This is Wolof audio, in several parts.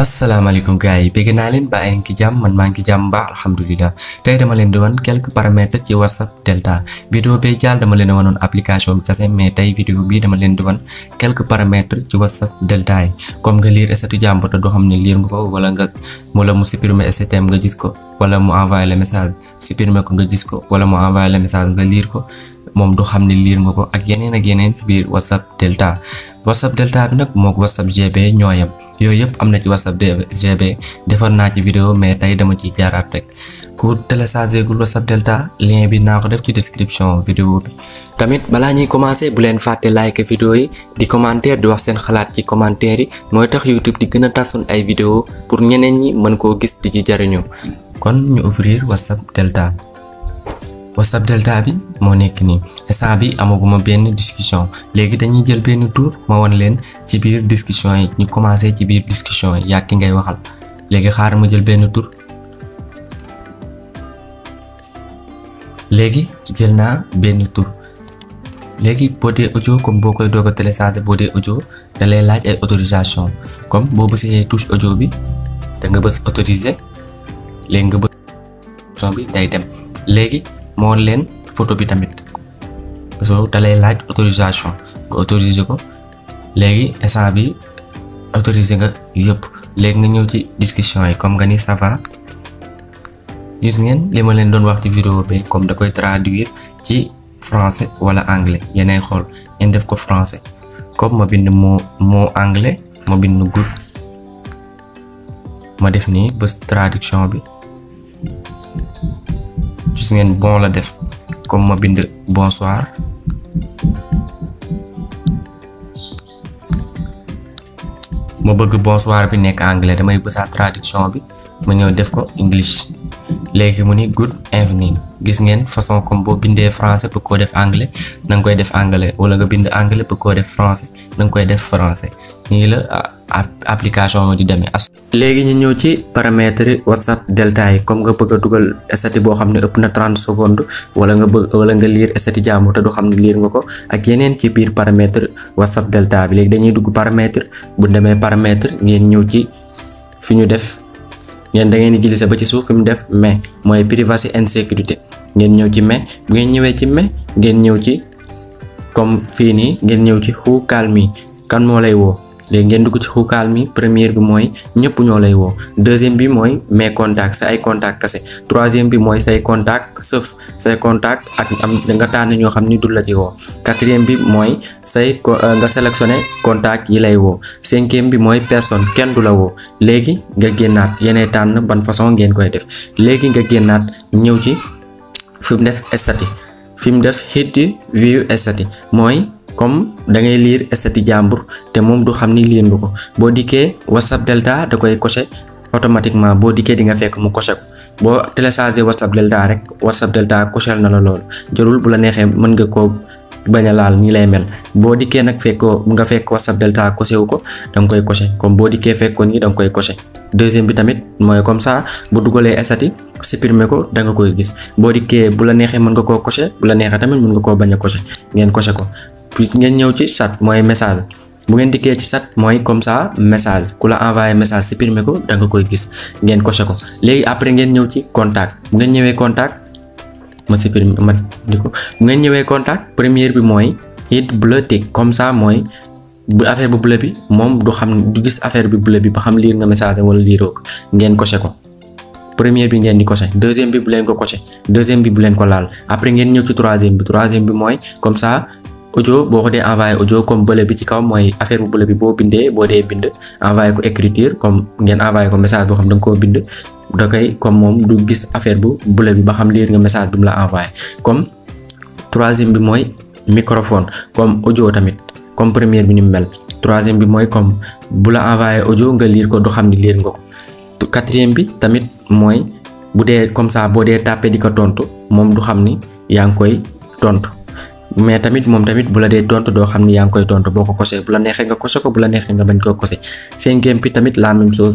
asalaamaaleykum gars yi bëgg naa leen ba ay ngi jàmm man maa ngi jàmm baax alhamdulilah tey dama leen di wan quelques paramètres ci whatsapp delta vidéo bee jàll dama leen wanoon application bi kese mais tey vidéo bii dama leen di wan quelques paramètres ci whatsapp delta yi comme nga lire statut jàmbur te doo xam ne lire nga ko wala nga wala mu supprimer STM nga gis ko wala mu envoyé le message supprimer ko nga gis ko wala mu envoyé le message nga liir ko moom du xam ne lire nga ko ak yeneen ak yeneen ci biir whatsapp delta whatsapp delta bi nag moo mook whatsapp gb ñoo yooyu yëpp am na ci whatsapp gb defar naa ci vidéo mais tey dama ciy jaaraat rek ku télécharger gul whatsapp delta lien bi naa ko def ci description vidéo bi tamit balaa ñuy commencer bu leen fàtte like vidéo yi di commentaire di wax seen xalaat ci commentaire yi mooy tax youtube di gën a tasun ay vidéo pour ñeneen ñi mën koo gis di ci jariñu kon ñu ouvrir whatsapp delta WhatsApp Delta bi moo nekk nii instant bi amaguma benn discussion léegi dañuy jël benn tour ma won leen ci biir discussion yi ñu commencé ci biir discussion yi yàgg ngay waxal léegi xaar ma jël benn tour léegi ci jël naa benn tour léegi boo dee audio comme boo koy doog a télécharger boo dee audio da lay laaj ay autorisation comme boo bësee touche audio bi te nga bës autoriser léegi nga bës bi day dem léegi moo leen photo bi tamit parce que da lay laaj autorisation nga autorisé ko léegi instant bi autorisé nga yëpp léegi nga ñëw ci discussion yi comme nga ni ça va gis ngeen li ma leen doon wax ci vidéo bi comme da koy traduire ci français wala anglais yeneen xool ngeen def ko français comme ma bind moo moo anglais ma bind good ma def nii bës traduction bi gis ngeen bon la def comme ma bind bonsoir ma bëgg bonsoir bi nekk anglais damay bësaat tradition bi ma ñëw def ko english léegi mu ni good evening gis ngeen façon comme boo bindee français bëgg koo def anglais na nga koy def anglais wala nga bind anglais bëgg koo def français na koy def français nii la ah, application di demee as léegi ñu ñëw ci paramètre whatsapp delta yi comme nga bëgg duggal dugal statut boo xam ëpp na 30 secondes wala nga bëgg wala nga lire statut jaamu te du xamni lire nga ko ak yenen ci biir paramètre whatsapp delta bi léegi dañuy dugg paramètre bu démé paramètre ngeen ñëw ci fi ñu def ngeen da ngeen di glisser ba ci suuf fi mu def mais moy privacy and security ngeen ñëw ci mais bu ngeen ñëwé ci mais ngeen ñëw ci comme fini ngeen ñëw ci who call me kan mo lay wo léegi ngeen dugg ci xukaal mi première bi mooy ñëpp ñoo lay woo deuxième bi mooy mes contacts sa ay contacts kese troisième bi mooy say contacts sauf say contact ak am nga tànn ñoo xam ni du la ci woo quatrième bi mooy say euh, nga sélectionné contacts yi lay woo cinquième bi mooy personne kenn du la woo léegi nga génnaat yeneen tànn ban façon ngeen koy def léegi nga génnaat ñëw ci fi mu def estati fi mu def hit view estati mooy comme da ngay lire esthéti jambour té mom du xamni ni bu ko bo diké whatsapp delta da koy cocher automatiquement bo diké di nga fekk mu cocher ko bo télécharger whatsapp delta rek whatsapp delta cocher na la loolu jërul bu la nexé mën nga ko baña laal ni lay mel boo dikkee nag fekkoo nga fekk whatsapp delta cocher wuko ko da nga koy cocher comme bo diké fekk ko nii da nga koy cocher deuxième bi tamit moy comme ça bu dugalee estati supprimer ko da nga koy gis bo diké bu la nexé mën nga ko cocher bu la nexé tamit mën nga ko baña cocher ngén cocher ko ngeen ñëw ci chat mooy message bu ngeen dikkee ci chat mooy comme ça message ku la envoyé message supprimer ko da nga koy gis ngeen coché ko léegi après ngeen ñëw ci contact bu ngeen ñëwee contact ma supprimer ma di ko bu ngeen ñëwee contact première bi mooy it bleu comme ça mooy bu affaire bu bi moom du xam du gis affaire bi bleu bi ba xam liir nga message wala liiroo ngeen coché ko première bi ngeen di coché deuxième bi bu leen ko coché deuxième bi ko laal après ngeen mooy comme ça audio boo ko dee envoyé audio comme bële bi ci kaw mooy affaire bu bële bi boo bindee boo dee bind envoyé ko écriture comme ngeen envoyé ko message boo xam da nga koo bind moom du gis affaire bu bële bi ba xam liir nga message bi la envoyé comme troisième bi mooy microphone comme audio tamit comme première bi ni mu mel troisième bi mooy comme bu envoyé audio nga liir ko du xam ni liir nga ko quatrième bi tamit mooy bu dee comme ça boo dee tàppee di ko tontu moom du xam ni yaa ngi koy tontu. mais tamit moom tamit bu la dee tontu doo xam ne yaa ngi koy tontu boo ko kosee bu la neexee nga kose ko bu la neexee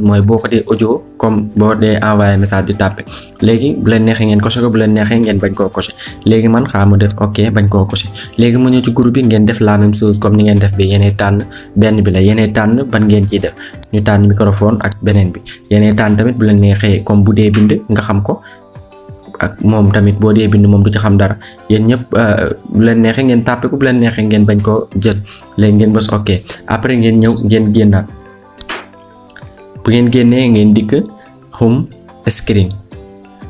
mooy boo ko dee audio comme dee envoyé message di tàppe léegi bu la neexee ngeen kose ko bu la neexee ngeen bañ koo kose léegi man xaa mu def ok bañ koo kose léegi mu ñëw ci groupe bi ngeen def la même comme ni ngeen def bi yenee tànn benn bi la yenee tànn ban ngeen ciy def ñu tànn microphone ak beneen bi yenee tànn tamit bu la neexee comme bu dee bind nga xam ko ak mom tamit bo dee bind mom du ci xam dara yéen ñep euh, bu leen neexee ngeen tapé ko bu leen neexee ngeen bañ ko jël leen ngeen bës oké après ngeen ñew ngeen génnaat bu ngeen génnee ngeen dik home screen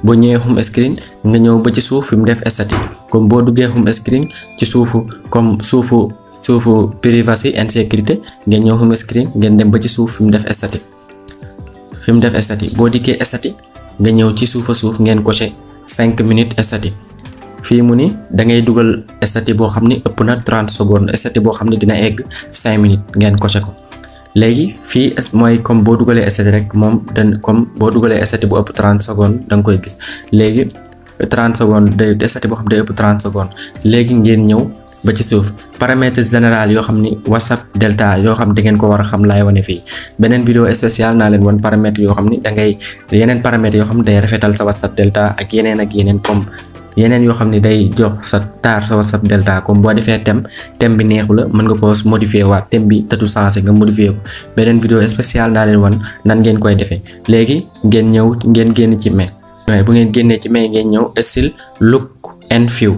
boo ñëwee home screen nga ñew ba ci suuf fi mu def statique comme bo duggé home screen ci suufu comme suufu suufu privacy and security. ngeen ñew home screen ngeen dem ba ci suuf fi mu def statique fi mu def statique bo diké statique nga ñew ci suufa suuf ngeen cinq minutes estati fii mu ni da ngay dugal estati boo xam ni ëpp na trente secondes estati boo xam ni dina egg cinq minutes ngeen coché ko léegi fii mooy comme boo dugalee estati rek moom dañ comme boo dugalee estati bu ëpp trente secondes da koy gis léegi trente secondes day estati boo xam day ëpp trente secondes léegi ngeen ñëw ba ci suuf paramètres général yoo xam ni whatsapp delta yoo xam da ngeen ko war a xam laay wane fii beneen vidéo spécial naa leen wan paramètres yoo xam ni da ngay yeneen paramètres yoo xam ne day rafetal sa whatsapp delta ak yeneen ak yeneen comme yeneen yoo xam ni day jox sa taar sa whatsapp delta comme boo defee thème thème bi neexu la mën nga ko modifier waat thème bi tatu sensé nga modifier ko beneen vidéo spécial naa leen wan nan ngeen koy defee léegi ngeen ñëw ngeen génn ci mais bu ngeen génnee ci mais ngeen ñëw style look and feel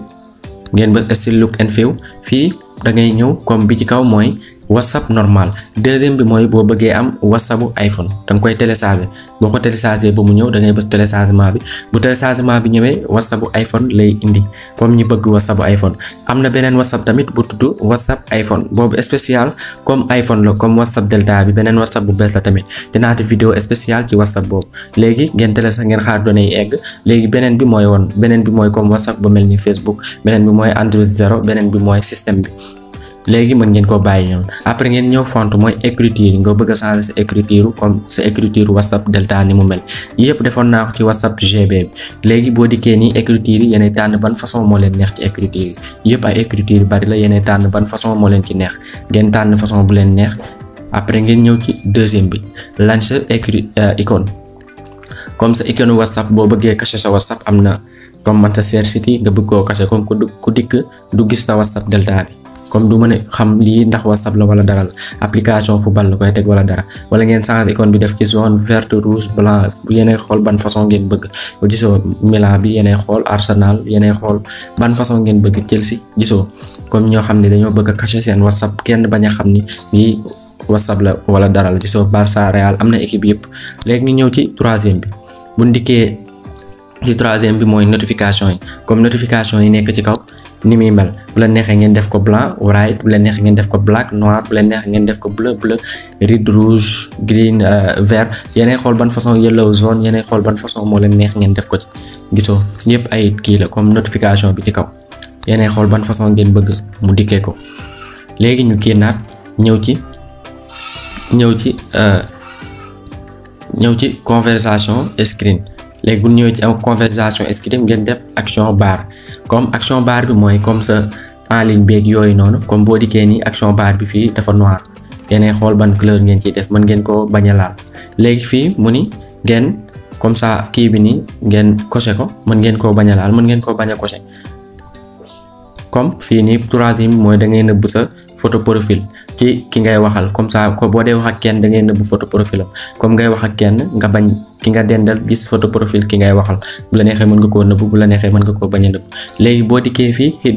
ngeen ba style look and feel fii da ngay ñëw koom bi ci kaw mooy whatsapp normal deuxième bi mooy boo bëggee am whatsappu iphone da nga koy télécharger boo ko télécharger ba mu ñëw da ngay bës téléchargement bi bu téléchargement bi ñëwee whatsappu iphone lay indi comme ñu bëgg whatsappu iphone am na beneen whatsapp tamit bu tudd whatsapp iphone boobu spécial comme iphone la comme whatsapp delta bi beneen whatsapp bu bees la tamit dinaa def vidéo spécial ci whatsapp boobu léegi ngeen télécharger ngeen xaar données yi egg léegi beneen bi mooy woon beneen bi mooy comme whatsapp bu mel ni facebook bi mooy android zero beneen bi mooy système bi léegi mën ngeen ko bayyi ñoon après ngeen ñëw font moy écriture nga bëgg a sa écriture comme sa écriture whatsapp delta ni mu mel yépp defoon na ci whatsapp gb bi bo diké ni écriture yene tan ban façon mo leen neex ci écriture yépp ay écriture bari la yene tan ban façon mo leen ci neex ngeen tan façon bu leen neex après ngeen ñëw ci deuxième bi lancer écrit eh, icône comme sa icône whatsapp bo bëggé cacher sa whatsapp amna comme man city nga bëgg ko cacher comme ku dik du gis sa whatsapp delta bi comme du ma xam lii ndax whatsapp la wala dara la application football la koy teg wala dara wala ngeen change icône bi def ci zone verte rouge blanc yeneen xool ban façon ngeen bëgg gisoo Milan bi yeneen xool Arsenal yeneen xool ban façon ngeen bëgg Chelsea gisoo comme ñoo xam ne dañoo bëgg a cacher seen whatsapp kenn bañ a xam ni lii whatsapp la wala dara la gisoo Barça Real am na équipe yëpp léegi ñu ñëw ci troisième bi bu ndikkee ci troisième bi mooy notification yi comme notification yi nekk ci kaw ni muy mel bu leen neexee ngeen def ko blanc white bu leen neexee ngeen def ko black noir bu leen neexee ngeen def ko bleu bleu red rouge green euh, vert yéenay xool ban façon yellow zone yeneen xool ban façon moo leen neex ngeen def ko ci gisoo yëpp ay kii la comme notification bi ci kaw yéenay xool ban façon ngeen bëgg mu dikkee ko léegi ñu génnaat ñëw ci ñëw ci euh, ñëw ci conversation screen léegi bu ñëwee ci am conversation screen ngeen def action baar comme action baar bi mooy comme sa en ligne beeg yooyu noonu comme boo dikkee ni action baar bi fii dafa noir yéenay xool ban couleur ngeen ci def mën ngeen koo bañ laal léegi fii mu ni ngeen comme ça kii bi nii ngeen coché ko mën ngeen koo bañ a laal mën ngeen koo bañ a coché comme fii nii troisième mooy da ngay nëbb sa photo ci ki ngay waxal comme ça ko boo dee wax a kenn da nëbb photo comme ngay wax ak kenn nga bañ ki nga dendal gis photo ki ngay waxal bu la neexee mën nga koo nëbb bu la neexee mën nga koo bañ a nëbb léegi boo dikkee fii bi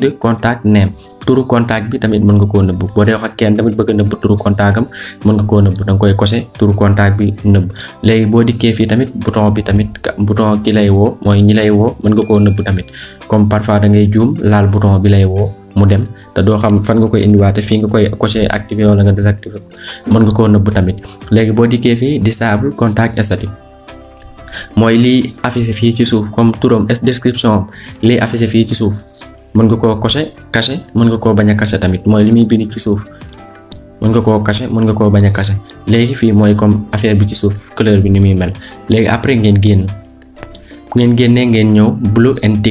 tamit mën nga koo nëbb boo dee wax a nëbb turu bi tamit bouton bi lay woo mooy ñi lay woo mën nga koo nëbb tamit comme parfois da juum laal bouton bi lay woo mu dem te doo xam fan nga koy indiwaate fii nga koy coché activé wala nga désactivé mën nga koo nëbb tamit léegi boo dikkee fii disable contact statique mooy lii affiché fii ci suuf comme turam description lii affiché fii ci suuf mën nga koo coché kase mën nga koo bañ a kase tamit mooy li muy bind ci suuf mën nga koo caché mën nga koo bañ a kase léegi fii mooy comme affaire bi ci suuf couleur bi ni muy mel léegi après ngeen génn ngeen génnee ngeen ñëw blue and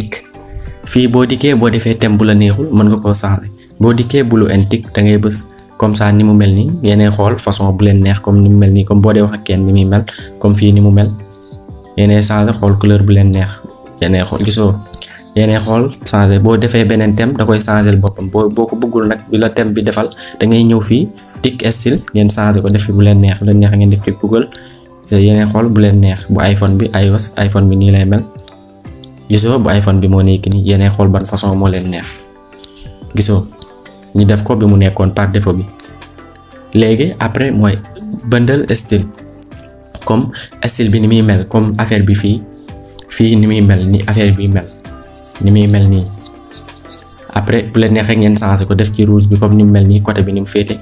fii boo dikkee boo defee thème bu la neexul mën nga koo changer boo dikkee bulu antique da ngay bës comme ça ni mu mel nii yéenay xool façon bu leen comme ni mu mel nii comme boo dee wax ak kenn ni muy comme fii ni mu mel yéenay changer xool couleur bu leen neex yéenay xool gisoo yéenay xool changer boo defee beneen thème da koy changer boppam boo boo ko nag la thème bi defal da ngay ñëw fii tic style ngeen changer ko def fi bu leen neex bu leen neex ngeen def fi Google yéenay xool bu leen neex bu iPhone bi iOS iPhone bi nii lay mel. gisoo bu iPhone bi moo nekk nii yéenay xool ban façon moo leen neex gisoo ñu def ko bi mu nekkoon par défaut bi léegi après mooy bundle style comme style bi ni muy mel comme affaire bi fii fii ni muy mel ni affaire bi mel ni muy mel nii après bu leen neexee ngeen changé ko def ci rouge bi comme ni mu mel nii côté bi ni mu féete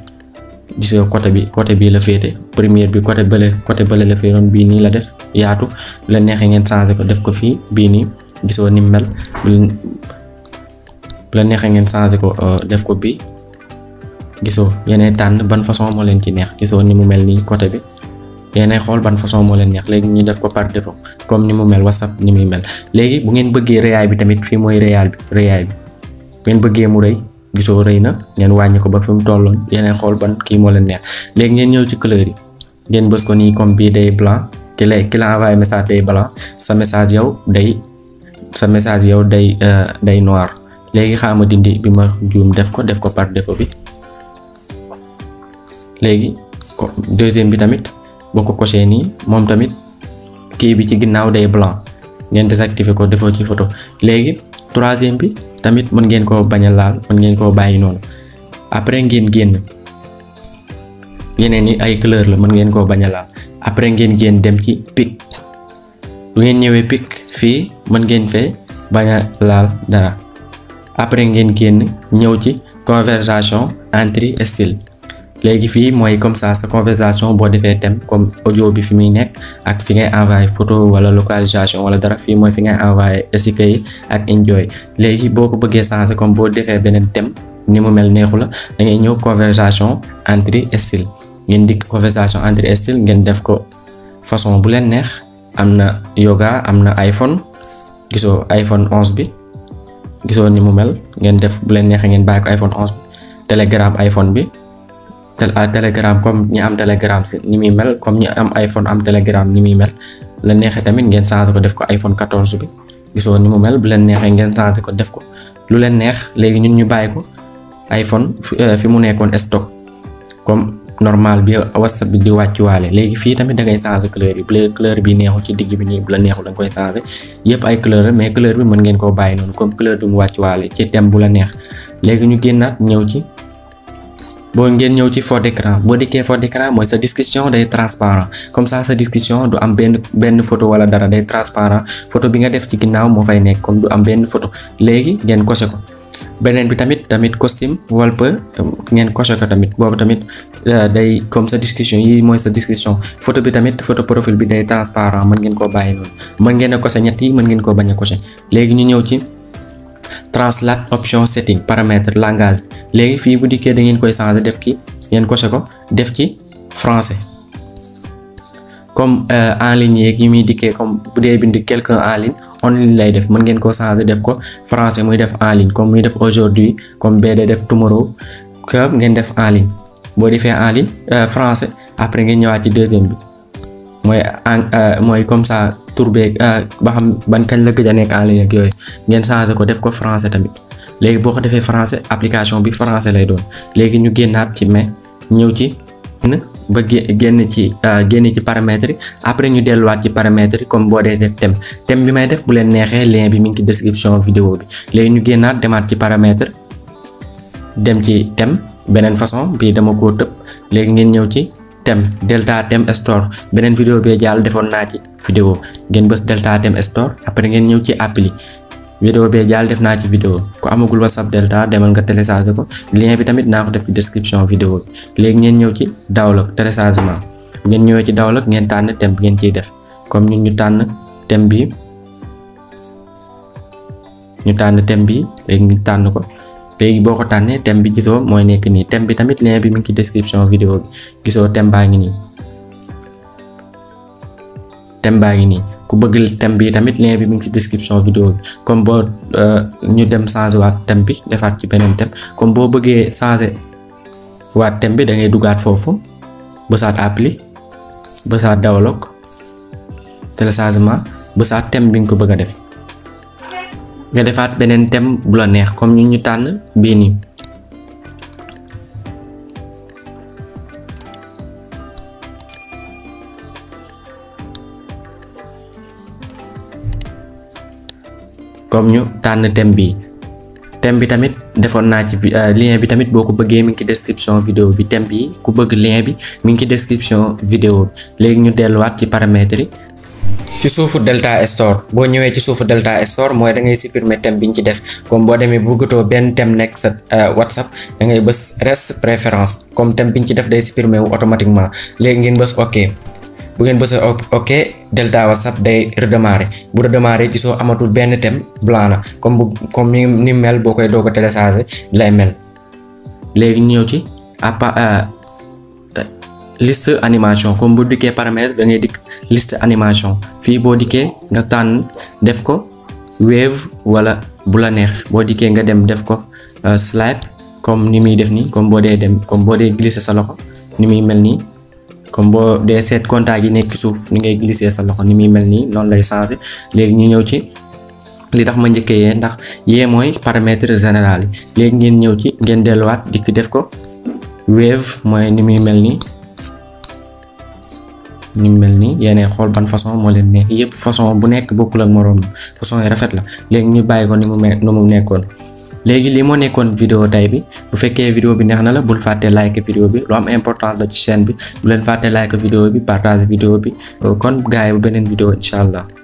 gisoo côté bi côté bii la féete première bi côté bële côté bële la féeroon bii nii la def yaatu bu neexee ngeen changé ko def ko fii bii nii gisoo ni mel bu la neexee ngeen changé ko euh, def ko bi gisoo yéenay tànn ban façon moo leen ci neex gisoo ni mu mel nii côté bi yéenay xool ban façon moo leen neex léegi ñu def ko par comme ni mu mel whatsapp ni muy mel léegi bu ngeen bëggee réyaay bi tamit fii mooy réyaay bi réyaay bi ngeen bëggee mu rëy gisoo rëy na ngeen wàññi ko ba fi mu tolloon yeneen xool ban kii moo leen neex léegi ngeen ñëw ci couleur yi ngeen bës ko nii comme bii day blanc ki lay ki la message day blanc sa message yow day sa message yow day euh, day noir legui xama dindi bi ma juum def ko def ko par defo bi ko deuxième bi tamit boko ko coché ni mom tamit ki bi ci ginnaw day blanc ngeen désactiver ko defo ci photo legui troisième bi tamit mën ngeen ko baña laal mën ngeen ko bayyi non après ngeen génn yeneen yi ay couleur la mën ngeen ko baña laal après ngeen génn dem ci pic bu ngeen pic fii mën ngeen fee bañ a laal dara après ngeen génn ñëw ci conversation entre style léegi fii mooy comme ça sa conversation boo defee thème comme ojo bi fi muy nekk ak fi ngay envoyé photo wala localisation wala dara fii mooy fi ngay envoyé sticker yi ak enjoy léegi boo ko bëggee changer comme boo defee beneen thème ni mu mel neexu la da ñëw conversation entre style ngeen dikk conversation entre style ngeen def ko façon bu leen neex am na yoga am na iPhone gisoo iPhone 11 bi gisoo ni mu mel ngeen def bu leen neexee ngeen bàyyi ko iPhone 11 bi Telegram iPhone bi ah, Telegram comme ñi am Telegram si ni muy mel comme ñi am iPhone am Telegram ni muy mel la neexee tamit ngeen changer ko def ko iPhone 14 bi gisoo ni mu mel bu leen neexee ngeen changer ko def ko lu leen neex léegi ñun ñu bàyyi ko iPhone fi euh, mu nekkoon stock comme normal bi whatsapp bi di wàccuwaale léegi fii tamit da ngay changer couleur yi bu lee couleur bi neexul ci digg bi nii bu la neexul da nga koy changer yëpp ay couleur mais couleur bi mën ngeen koo bàyyi noonu comme couleur bi mu wàccuwaale ci thème bu la neex léegi ñu génnaat ñëw ci boo ngeen ñëw ci fond d'écran boo dikkee fond d'écran mooy sa discussion day transparent comme ça sa discussion du am benn benn photo wala dara day transparent photo bi nga def ci ginnaaw moo fay nekk comme du am benn photo léegi ngeen coché ko beneen bi tamit tamit costume walpa ngeen coché ko tamit boobu tamit euh, day comme sa description yi mooy sa description photo bi tamit photo profil bi day transparent mën ngeen koo bàyyi noonu mën ngeen ko coché ñett yi mën ngeen ko bañ a coché léegi ñu ñëw ci translate option setting paramètre langage bi léegi fii bu dikkee da ngeen koy changé def ki ngeen coché ko def ci français comme euh, en ligne yeeg yi muy dikkee comme bu dee bind quelqu'un en ligne online lay def mën ngeen ko changer def ko français muy def en ligne comme muy def aujourd'hui comme BD def tomorrow que ngeen def en ligne boo defee en ligne euh, français après ngeen ñëwaat ci deuxième bi mooy euh, mooy comme ça tur beeg euh, ba xam ban kañ la gëj a nekk en ligne ak yooyu ngeen changer ko def ko français tamit léegi boo ko defee français application bi francais lay doon léegi ñu génnaat ci mais ñëw ci ba génn ci euh, génn ci paramètre après ñu delluwaat ci paramètres yi comme boo dee def tem thème bi may def bu leen neexee lien bi mu ngi ci description vidéo bi léegi ñu génnaat demaat ci paramètres dem ci tem beneen façon bii dama koo tëb léegi ngeen ñëw ci tem delta thème store beneen vidéo bee jàll defoon naa ci vidéo ngeen bës delta thème store après ngeen ñëw ci appli vidéo bee jàll def naa ci vidéo ku amagul whatsapp delta demal nga télécharge ko lien bi tamit naa ko def ci description vidéo bi léegi ngeen ñëw ci download téléchargement ngeen ñëwee ci download ngeen tànn thème bi ngeen ciy def comme ñun ñu tànn thème bi ñu tànn thème bi léegi ñu tànn ko léegi boo ko tànnee thème bi gisoo mooy nekk nii thème bi tamit lien bi mu ngi ci description vidéo bi gisoo thème baa ngi nii thème baa ngi nii ku bëgg thème bi tamit lien bi mu ngi ci description vidéo bi comme boo euh, ñu dem changer waat thème bi defaat ci beneen thème comme boo bëggee changer waat thème bi da ngay dugaat foofu bësaat appli bësaat download téléchargement bësaat thème bi nga ko bëgg a def nga defaat beneen thème bu la neex comme ñu ñu tànn bii nii comme ñu tan dem bi dem bi tamit defon na ci eh, lien bi tamit boko bëggé mi ngi description vidéo bi dem bi ku bëgg lien bi mi ngi description vidéo légui ñu wat ci paramètres ci soufu Delta Store bo ñëwé ci soufu Delta Store moy da ngay supprimer tem biñ ci def comme démé bu gëto ben tem nek sa eh, WhatsApp da ngay bëss reste préférence comme tem biñ ci def day supprimer wu automatiquement légui ngeen bëss OK bu ngeen bësee ok delta whatsapp day redémarrer bu redémarrer ci soo amatul benn thème blanc na comme bu comme ni mel boo koy doog a télécharger lay mel léegi ñëw ci à euh, euh, liste animation comme bu dikkee paramètres da dikk list animation fii boo dikkee nga tànn def ko wave wala bu la neex boo dikkee nga dem def ko euh, slide comme ni muy def nii comme boo dee dem comme boo dee glisser sa loxo ni muy mel nii comme bo dee set contact yi nek suuf ni ngay glisser sa loxo ni mi melni non lay changer léegi ñu ñew ci li tax ma ñëkke yee ndax moy paramètre général ngeen ñew ci ngeen dik def ko wave moy ni mi melni ni melni yene xol ban façon mo len neex yëpp façon bu nek bokul ak morom façon yi rafet la léegi ñu bayiko ni mu mel léegi li moo nekkoon vidéo tey bi bu fekkee vidéo bi neex na la bul fàtte like vidéo bi lu am importance la ci chaîne bi bu leen fàtte like vidéo bi partage vidéo bi kon gars yi bu beneen vidéo incha allah